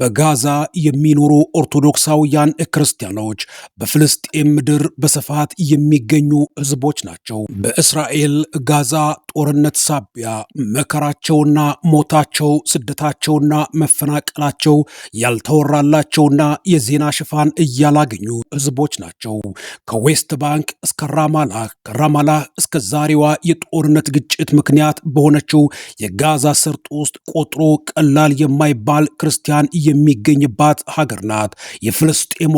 በጋዛ የሚኖሩ ኦርቶዶክሳውያን ክርስቲያኖች በፍልስጤም ምድር በስፋት የሚገኙ ህዝቦች ናቸው። በእስራኤል ጋዛ ጦርነት ሳቢያ መከራቸውና ሞታቸው፣ ስደታቸውና መፈናቀላቸው ያልተወራላቸውና የዜና ሽፋን እያላገኙ ህዝቦች ናቸው። ከዌስት ባንክ እስከ ራማላህ፣ ከራማላ እስከ ዛሬዋ የጦርነት ግጭት ምክንያት በሆነችው የጋዛ ሰርጥ ውስጥ ቆጥሮ ቀላል የማይባል ክርስቲያን የሚገኝባት ሀገር ናት። የፍልስጤሟ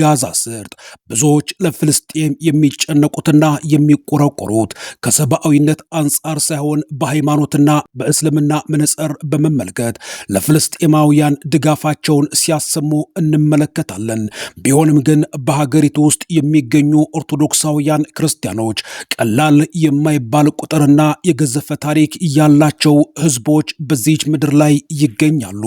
ጋዛ ስርጥ ብዙዎች ለፍልስጤም የሚጨነቁትና የሚቆረቆሩት ከሰብአዊነት አንጻር ሳይሆን በሃይማኖትና በእስልምና መነጽር በመመልከት ለፍልስጤማውያን ድጋፋቸውን ሲያሰሙ እንመለከታለን። ቢሆንም ግን በሀገሪቱ ውስጥ የሚገኙ ኦርቶዶክሳውያን ክርስቲያኖች ቀላል የማይባል ቁጥርና የገዘፈ ታሪክ ያላቸው ህዝቦች በዚች ምድር ላይ ይገኛሉ።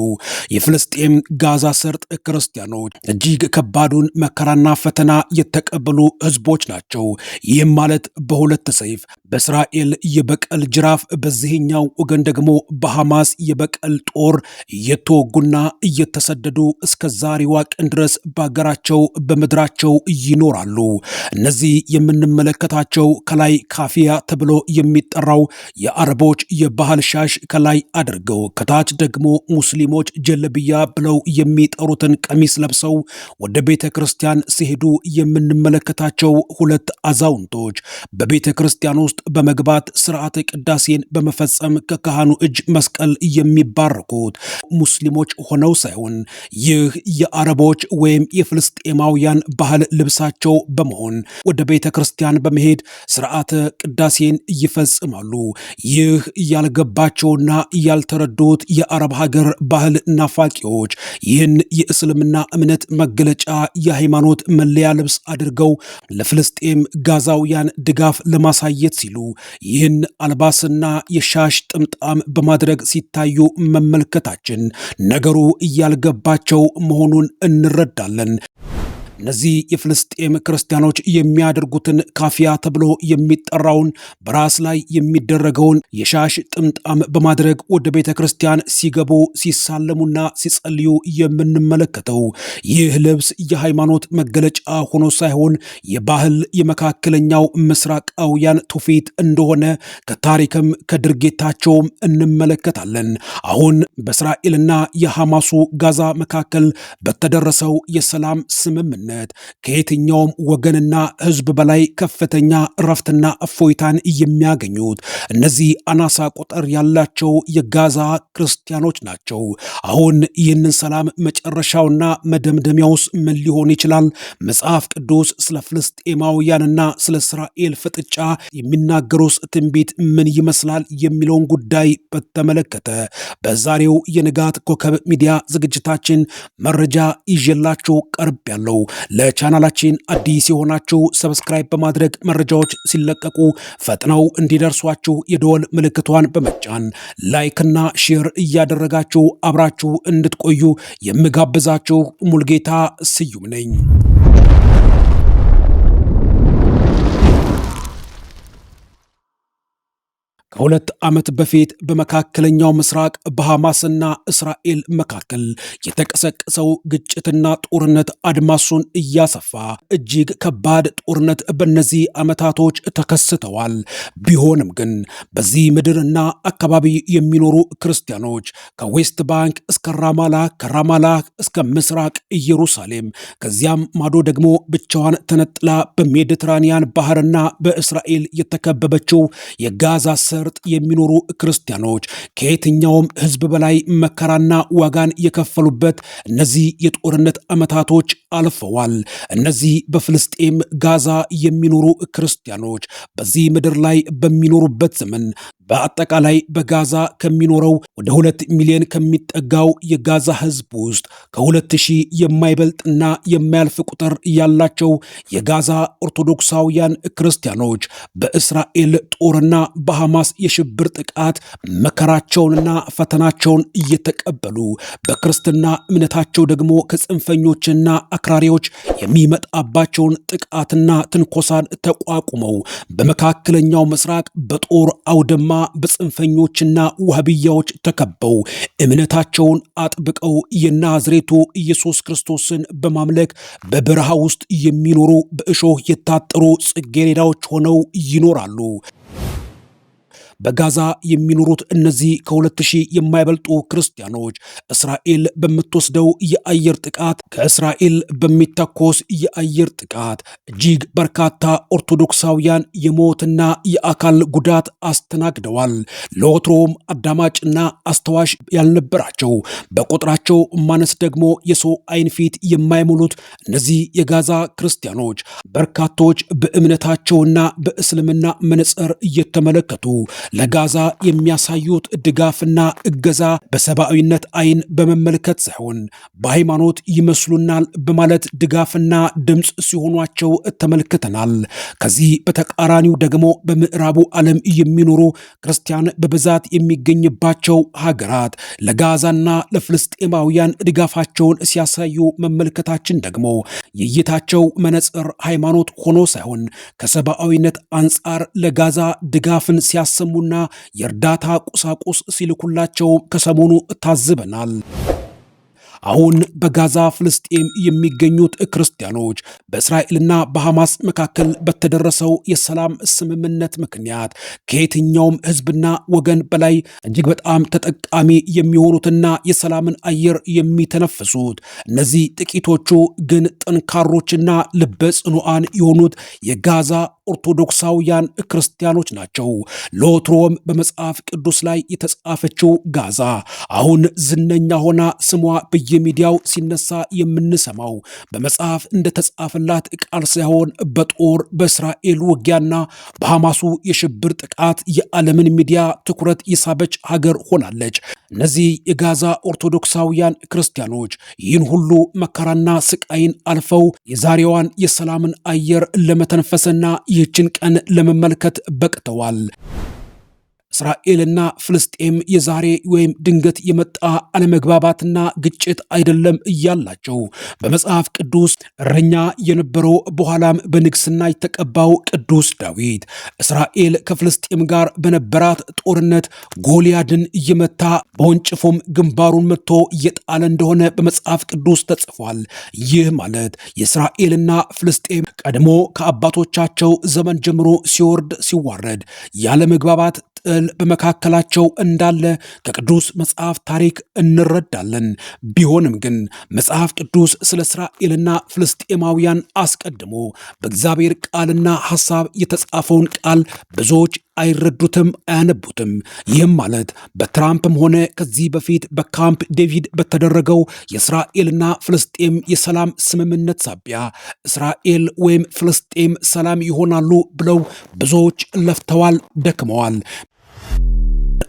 የፍልስጤ የፍልስጤም ጋዛ ሰርጥ ክርስቲያኖች እጅግ ከባዱን መከራና ፈተና የተቀበሉ ህዝቦች ናቸው። ይህም ማለት በሁለት ሰይፍ በእስራኤል የበቀል ጅራፍ በዚህኛው ወገን ደግሞ በሐማስ የበቀል ጦር እየተወጉና እየተሰደዱ እስከ ዛሬዋ ቀን ድረስ በአገራቸው በምድራቸው ይኖራሉ። እነዚህ የምንመለከታቸው ከላይ ካፊያ ተብሎ የሚጠራው የአረቦች የባህል ሻሽ ከላይ አድርገው ከታች ደግሞ ሙስሊሞች ጀለብያ ብለው የሚጠሩትን ቀሚስ ለብሰው ወደ ቤተ ክርስቲያን ሲሄዱ የምንመለከታቸው ሁለት አዛውንቶች በቤተ ክርስቲያን ውስጥ ውስጥ በመግባት ስርዓተ ቅዳሴን በመፈጸም ከካህኑ እጅ መስቀል የሚባረኩት ሙስሊሞች ሆነው ሳይሆን ይህ የአረቦች ወይም የፍልስጤማውያን ባህል ልብሳቸው በመሆን ወደ ቤተ ክርስቲያን በመሄድ ስርዓተ ቅዳሴን ይፈጽማሉ። ይህ ያልገባቸውና ያልተረዱት የአረብ ሀገር ባህል ናፋቂዎች ይህን የእስልምና እምነት መገለጫ የሃይማኖት መለያ ልብስ አድርገው ለፍልስጤም ጋዛውያን ድጋፍ ለማሳየት ሲሉ ይህን አልባስና የሻሽ ጥምጣም በማድረግ ሲታዩ መመልከታችን ነገሩ እያልገባቸው መሆኑን እንረዳለን። እነዚህ የፍልስጤም ክርስቲያኖች የሚያደርጉትን ካፊያ ተብሎ የሚጠራውን በራስ ላይ የሚደረገውን የሻሽ ጥምጣም በማድረግ ወደ ቤተ ክርስቲያን ሲገቡ ሲሳለሙና ሲጸልዩ የምንመለከተው ይህ ልብስ የሃይማኖት መገለጫ ሆኖ ሳይሆን የባህል የመካከለኛው ምስራቃውያን ትውፊት እንደሆነ ከታሪክም ከድርጊታቸውም እንመለከታለን። አሁን በእስራኤልና የሐማሱ ጋዛ መካከል በተደረሰው የሰላም ስምምነት አጋርነት ከየትኛውም ወገንና ህዝብ በላይ ከፍተኛ እረፍትና እፎይታን የሚያገኙት እነዚህ አናሳ ቁጥር ያላቸው የጋዛ ክርስቲያኖች ናቸው። አሁን ይህንን ሰላም መጨረሻውና መደምደሚያውስ ምን ሊሆን ይችላል? መጽሐፍ ቅዱስ ስለ ፍልስጤማውያንና ስለ እስራኤል ፍጥጫ የሚናገሩስ ትንቢት ምን ይመስላል? የሚለውን ጉዳይ በተመለከተ በዛሬው የንጋት ኮከብ ሚዲያ ዝግጅታችን መረጃ ይዤላችሁ ቀርብ ያለው ለቻናላችን አዲስ የሆናችሁ ሰብስክራይብ በማድረግ መረጃዎች ሲለቀቁ ፈጥነው እንዲደርሷችሁ የደወል ምልክቷን በመጫን ላይክና ሼር እያደረጋችሁ አብራችሁ እንድትቆዩ የምጋብዛችሁ ሙልጌታ ስዩም ነኝ። ከሁለት ዓመት በፊት በመካከለኛው ምስራቅ በሐማስና እስራኤል መካከል የተቀሰቀሰው ግጭትና ጦርነት አድማሱን እያሰፋ እጅግ ከባድ ጦርነት በእነዚህ ዓመታቶች ተከስተዋል። ቢሆንም ግን በዚህ ምድርና አካባቢ የሚኖሩ ክርስቲያኖች ከዌስት ባንክ እስከ ራማላ፣ ከራማላ እስከ ምስራቅ ኢየሩሳሌም፣ ከዚያም ማዶ ደግሞ ብቻዋን ተነጥላ በሜዲትራኒያን ባህርና በእስራኤል የተከበበችው የጋዛ ሰርጥ የሚኖሩ ክርስቲያኖች ከየትኛውም ሕዝብ በላይ መከራና ዋጋን የከፈሉበት እነዚህ የጦርነት ዓመታቶች አልፈዋል። እነዚህ በፍልስጤም ጋዛ የሚኖሩ ክርስቲያኖች በዚህ ምድር ላይ በሚኖሩበት ዘመን በአጠቃላይ በጋዛ ከሚኖረው ወደ ሁለት ሚሊዮን ከሚጠጋው የጋዛ ህዝብ ውስጥ ከሁለት ሺህ የማይበልጥና የማያልፍ ቁጥር ያላቸው የጋዛ ኦርቶዶክሳውያን ክርስቲያኖች በእስራኤል ጦርና በሐማስ የሽብር ጥቃት መከራቸውንና ፈተናቸውን እየተቀበሉ በክርስትና እምነታቸው ደግሞ ከጽንፈኞችና አክራሪዎች የሚመጣባቸውን ጥቃትና ትንኮሳን ተቋቁመው በመካከለኛው ምስራቅ በጦር አውደማ በጽንፈኞችና ውሃብያዎች ተከበው እምነታቸውን አጥብቀው የናዝሬቱ ኢየሱስ ክርስቶስን በማምለክ በበረሃ ውስጥ የሚኖሩ በእሾህ የታጠሩ ጽጌረዳዎች ሆነው ይኖራሉ። በጋዛ የሚኖሩት እነዚህ ከሁለት ሺህ የማይበልጡ ክርስቲያኖች እስራኤል በምትወስደው የአየር ጥቃት ከእስራኤል በሚተኮስ የአየር ጥቃት እጅግ በርካታ ኦርቶዶክሳውያን የሞትና የአካል ጉዳት አስተናግደዋል። ለወትሮም አዳማጭና አስተዋሽ ያልነበራቸው በቁጥራቸው ማነስ ደግሞ የሰው አይን ፊት የማይሞሉት እነዚህ የጋዛ ክርስቲያኖች በርካቶች በእምነታቸውና በእስልምና መነጽር እየተመለከቱ ለጋዛ የሚያሳዩት ድጋፍና እገዛ በሰብአዊነት አይን በመመልከት ሳይሆን በሃይማኖት ይመስሉናል በማለት ድጋፍና ድምፅ ሲሆኗቸው ተመልክተናል። ከዚህ በተቃራኒው ደግሞ በምዕራቡ ዓለም የሚኖሩ ክርስቲያን በብዛት የሚገኝባቸው ሀገራት ለጋዛና ለፍልስጤማውያን ድጋፋቸውን ሲያሳዩ መመልከታችን ደግሞ የእይታቸው መነጽር ሃይማኖት ሆኖ ሳይሆን ከሰብአዊነት አንጻር ለጋዛ ድጋፍን ሲያሰሙ እንዲገቡና የእርዳታ ቁሳቁስ ሲልኩላቸው ከሰሞኑ ታዝበናል። አሁን በጋዛ ፍልስጤም የሚገኙት ክርስቲያኖች በእስራኤልና በሐማስ መካከል በተደረሰው የሰላም ስምምነት ምክንያት ከየትኛውም ሕዝብና ወገን በላይ እጅግ በጣም ተጠቃሚ የሚሆኑትና የሰላምን አየር የሚተነፍሱት እነዚህ ጥቂቶቹ ግን ጠንካሮችና ልበ ጽኑዓን የሆኑት የጋዛ ኦርቶዶክሳውያን ክርስቲያኖች ናቸው። ለወትሮም በመጽሐፍ ቅዱስ ላይ የተጻፈችው ጋዛ አሁን ዝነኛ ሆና ስሟ በየሚዲያው ሲነሳ የምንሰማው በመጽሐፍ እንደተጻፈላት ቃል ሳይሆን በጦር በእስራኤል ውጊያና በሐማሱ የሽብር ጥቃት የዓለምን ሚዲያ ትኩረት የሳበች ሀገር ሆናለች። እነዚህ የጋዛ ኦርቶዶክሳውያን ክርስቲያኖች ይህን ሁሉ መከራና ስቃይን አልፈው የዛሬዋን የሰላምን አየር ለመተንፈስና ይህችን ቀን ለመመልከት በቅተዋል። እስራኤልና ፍልስጤም የዛሬ ወይም ድንገት የመጣ አለመግባባትና ግጭት አይደለም እያላቸው በመጽሐፍ ቅዱስ እረኛ የነበረው በኋላም በንግስና የተቀባው ቅዱስ ዳዊት እስራኤል ከፍልስጤም ጋር በነበራት ጦርነት ጎልያድን እየመታ በወንጭፎም ግንባሩን መጥቶ እየጣለ እንደሆነ በመጽሐፍ ቅዱስ ተጽፏል። ይህ ማለት የእስራኤልና ፍልስጤም ቀድሞ ከአባቶቻቸው ዘመን ጀምሮ ሲወርድ ሲዋረድ ያለመግባባት መገለል በመካከላቸው እንዳለ ከቅዱስ መጽሐፍ ታሪክ እንረዳለን። ቢሆንም ግን መጽሐፍ ቅዱስ ስለ እስራኤልና ፍልስጤማውያን አስቀድሞ በእግዚአብሔር ቃልና ሐሳብ የተጻፈውን ቃል ብዙዎች አይረዱትም፣ አያነቡትም። ይህም ማለት በትራምፕም ሆነ ከዚህ በፊት በካምፕ ዴቪድ በተደረገው የእስራኤልና ፍልስጤም የሰላም ስምምነት ሳቢያ እስራኤል ወይም ፍልስጤም ሰላም ይሆናሉ ብለው ብዙዎች ለፍተዋል፣ ደክመዋል።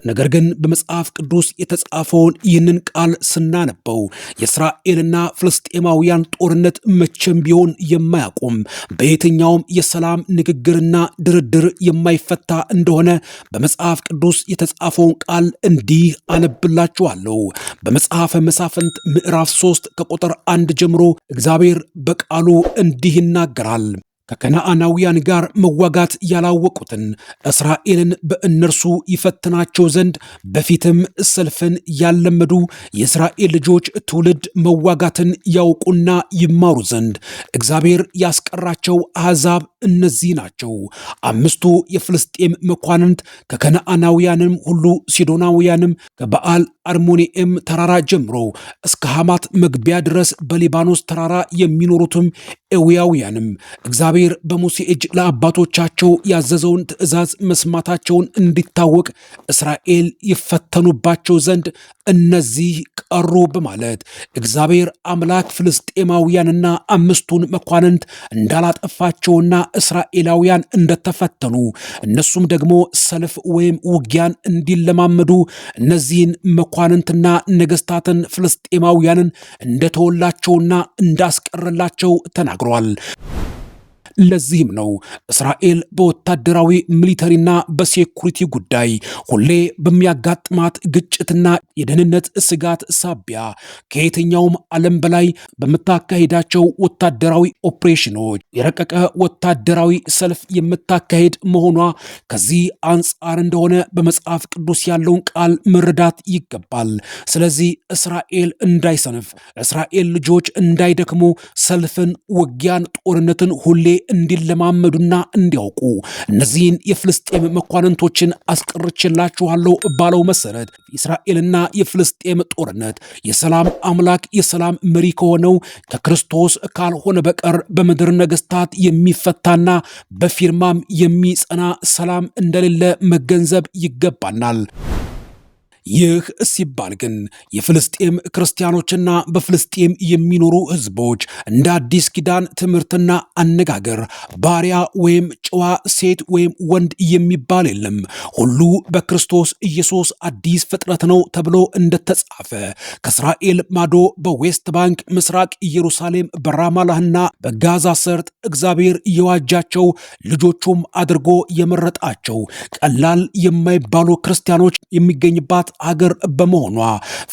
ነገር ግን በመጽሐፍ ቅዱስ የተጻፈውን ይህንን ቃል ስናነበው የእስራኤልና ፍልስጤማውያን ጦርነት መቼም ቢሆን የማያቆም በየትኛውም የሰላም ንግግርና ድርድር የማይፈታ እንደሆነ በመጽሐፍ ቅዱስ የተጻፈውን ቃል እንዲህ አነብላችኋለሁ። በመጽሐፈ መሳፍንት ምዕራፍ 3 ከቁጥር አንድ ጀምሮ እግዚአብሔር በቃሉ እንዲህ ይናገራል። ከከነአናውያን ጋር መዋጋት ያላወቁትን እስራኤልን በእነርሱ ይፈትናቸው ዘንድ በፊትም ሰልፍን ያለመዱ የእስራኤል ልጆች ትውልድ መዋጋትን ያውቁና ይማሩ ዘንድ እግዚአብሔር ያስቀራቸው አሕዛብ እነዚህ ናቸው። አምስቱ የፍልስጤም መኳንንት ከከነአናውያንም ሁሉ ሲዶናውያንም ከበዓል አርሞኒኤም ተራራ ጀምሮ እስከ ሐማት መግቢያ ድረስ በሊባኖስ ተራራ የሚኖሩትም ኤውያውያንም እግዚአብሔር በሙሴ እጅ ለአባቶቻቸው ያዘዘውን ትእዛዝ መስማታቸውን እንዲታወቅ እስራኤል ይፈተኑባቸው ዘንድ እነዚህ ቀሩ በማለት እግዚአብሔር አምላክ ፍልስጤማውያንና አምስቱን መኳንንት እንዳላጠፋቸውና እስራኤላውያን እንደተፈተኑ እነሱም ደግሞ ሰልፍ ወይም ውጊያን እንዲለማመዱ እነዚህን መኳንንትና ነገስታትን ፍልስጤማውያንን እንደተወላቸውና እንዳስቀረላቸው ተናግ ተናግረዋል። ለዚህም ነው እስራኤል በወታደራዊ ሚሊተሪና በሴኩሪቲ ጉዳይ ሁሌ በሚያጋጥማት ግጭትና የደህንነት ስጋት ሳቢያ ከየትኛውም ዓለም በላይ በምታካሄዳቸው ወታደራዊ ኦፕሬሽኖች የረቀቀ ወታደራዊ ሰልፍ የምታካሄድ መሆኗ ከዚህ አንጻር እንደሆነ በመጽሐፍ ቅዱስ ያለውን ቃል መረዳት ይገባል። ስለዚህ እስራኤል እንዳይሰንፍ፣ እስራኤል ልጆች እንዳይደክሙ ሰልፍን፣ ውጊያን፣ ጦርነትን ሁሌ እንዲለማመዱና እንዲያውቁ እነዚህን የፍልስጤም መኳንንቶችን አስቀርችላችኋለሁ ባለው መሰረት የእስራኤልና የፍልስጤም ጦርነት የሰላም አምላክ የሰላም መሪ ከሆነው ከክርስቶስ ካልሆነ በቀር በምድር ነገስታት የሚፈታና በፊርማም የሚጸና ሰላም እንደሌለ መገንዘብ ይገባናል። ይህ ሲባል ግን የፍልስጤም ክርስቲያኖችና በፍልስጤም የሚኖሩ ህዝቦች እንደ አዲስ ኪዳን ትምህርትና አነጋገር ባሪያ ወይም ጨዋ፣ ሴት ወይም ወንድ የሚባል የለም፣ ሁሉ በክርስቶስ ኢየሱስ አዲስ ፍጥረት ነው ተብሎ እንደተጻፈ ከእስራኤል ማዶ በዌስት ባንክ፣ ምስራቅ ኢየሩሳሌም፣ በራማላህና በጋዛ ሰርጥ እግዚአብሔር የዋጃቸው ልጆቹም አድርጎ የመረጣቸው ቀላል የማይባሉ ክርስቲያኖች የሚገኝባት አገር በመሆኗ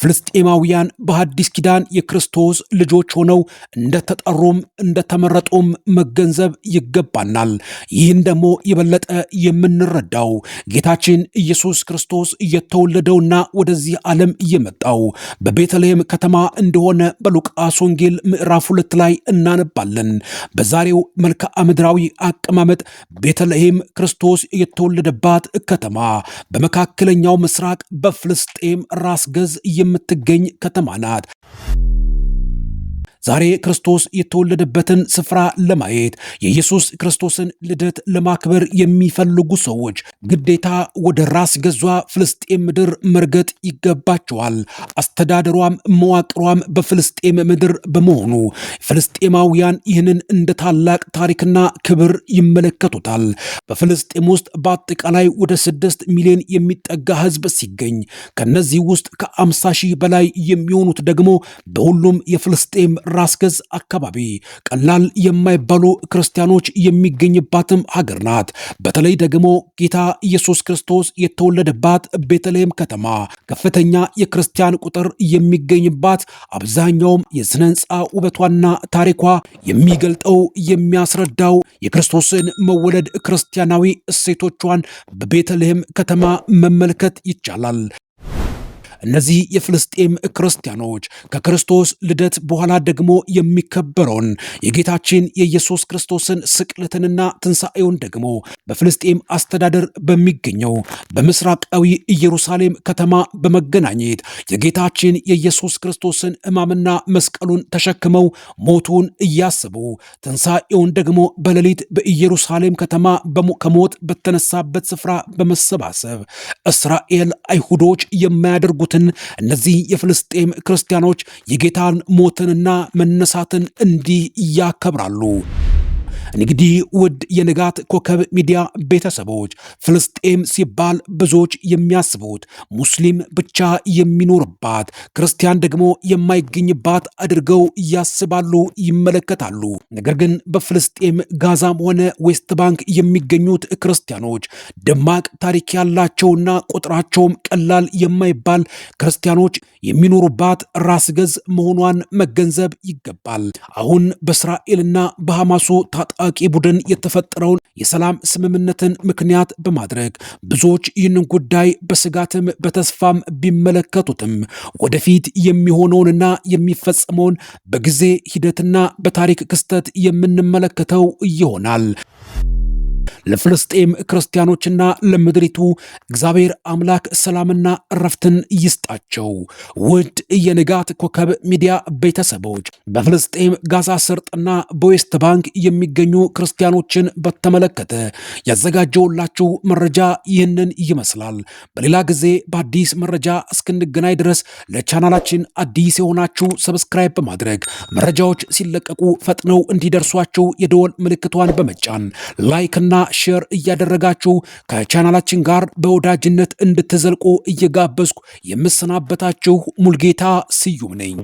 ፍልስጤማውያን በሐዲስ ኪዳን የክርስቶስ ልጆች ሆነው እንደተጠሩም እንደተመረጡም መገንዘብ ይገባናል። ይህን ደግሞ የበለጠ የምንረዳው ጌታችን ኢየሱስ ክርስቶስ እየተወለደውና ወደዚህ ዓለም እየመጣው በቤተልሔም ከተማ እንደሆነ በሉቃስ ወንጌል ምዕራፍ ሁለት ላይ እናነባለን። በዛሬው መልክዓ ምድራዊ አቀማመጥ ቤተልሔም ክርስቶስ የተወለደባት ከተማ በመካከለኛው ምስራቅ በፍ ፍልስጤም ራስ ገዝ የምትገኝ ከተማ ናት። ዛሬ ክርስቶስ የተወለደበትን ስፍራ ለማየት የኢየሱስ ክርስቶስን ልደት ለማክበር የሚፈልጉ ሰዎች ግዴታ ወደ ራስ ገዟ ፍልስጤም ምድር መርገጥ ይገባቸዋል። አስተዳደሯም መዋቅሯም በፍልስጤም ምድር በመሆኑ ፍልስጤማውያን ይህንን እንደ ታላቅ ታሪክና ክብር ይመለከቱታል። በፍልስጤም ውስጥ በአጠቃላይ ወደ ስድስት ሚሊዮን የሚጠጋ ህዝብ ሲገኝ ከነዚህ ውስጥ ከአምሳ ሺህ በላይ የሚሆኑት ደግሞ በሁሉም የፍልስጤም ራስ ገዝ አካባቢ ቀላል የማይባሉ ክርስቲያኖች የሚገኝባትም ሀገር ናት። በተለይ ደግሞ ጌታ ኢየሱስ ክርስቶስ የተወለደባት ቤተልሔም ከተማ ከፍተኛ የክርስቲያን ቁጥር የሚገኝባት፣ አብዛኛውም የስነ ህንፃ ውበቷና ታሪኳ የሚገልጠው የሚያስረዳው የክርስቶስን መወለድ ክርስቲያናዊ እሴቶቿን በቤተልሔም ከተማ መመልከት ይቻላል። እነዚህ የፍልስጤም ክርስቲያኖች ከክርስቶስ ልደት በኋላ ደግሞ የሚከበረውን የጌታችን የኢየሱስ ክርስቶስን ስቅለትንና ትንሣኤውን ደግሞ በፍልስጤም አስተዳደር በሚገኘው በምስራቃዊ ኢየሩሳሌም ከተማ በመገናኘት የጌታችን የኢየሱስ ክርስቶስን ሕማምና መስቀሉን ተሸክመው ሞቱን እያሰቡ ትንሣኤውን ደግሞ በሌሊት በኢየሩሳሌም ከተማ ከሞት በተነሳበት ስፍራ በመሰባሰብ እስራኤል አይሁዶች የማያደርጉ የነበሩትን እነዚህ የፍልስጤም ክርስቲያኖች የጌታን ሞትንና መነሳትን እንዲህ ያከብራሉ። እንግዲህ ውድ የንጋት ኮከብ ሚዲያ ቤተሰቦች ፍልስጤም ሲባል ብዙዎች የሚያስቡት ሙስሊም ብቻ የሚኖርባት ክርስቲያን ደግሞ የማይገኝባት አድርገው ያስባሉ፣ ይመለከታሉ። ነገር ግን በፍልስጤም ጋዛም ሆነ ዌስት ባንክ የሚገኙት ክርስቲያኖች ደማቅ ታሪክ ያላቸውና ቁጥራቸውም ቀላል የማይባል ክርስቲያኖች የሚኖሩባት ራስ ገዝ መሆኗን መገንዘብ ይገባል። አሁን በእስራኤልና በሐማሱ ታጣቂ ቡድን የተፈጠረውን የሰላም ስምምነትን ምክንያት በማድረግ ብዙዎች ይህንን ጉዳይ በስጋትም በተስፋም ቢመለከቱትም ወደፊት የሚሆነውንና የሚፈጸመውን በጊዜ ሂደትና በታሪክ ክስተት የምንመለከተው ይሆናል። ለፍልስጤም ክርስቲያኖችና ለምድሪቱ እግዚአብሔር አምላክ ሰላምና እረፍትን ይስጣቸው። ውድ የንጋት ኮከብ ሚዲያ ቤተሰቦች በፍልስጤም ጋዛ ስርጥና በዌስት ባንክ የሚገኙ ክርስቲያኖችን በተመለከተ ያዘጋጀውላችሁ መረጃ ይህንን ይመስላል። በሌላ ጊዜ በአዲስ መረጃ እስክንገናኝ ድረስ ለቻናላችን አዲስ የሆናችሁ ሰብስክራይብ በማድረግ መረጃዎች ሲለቀቁ ፈጥነው እንዲደርሷችሁ የደወል ምልክቷን በመጫን ላይክና ላይክና ሼር እያደረጋችሁ ከቻናላችን ጋር በወዳጅነት እንድትዘልቁ እየጋበዝኩ የምሰናበታችሁ ሙልጌታ ስዩም ነኝ።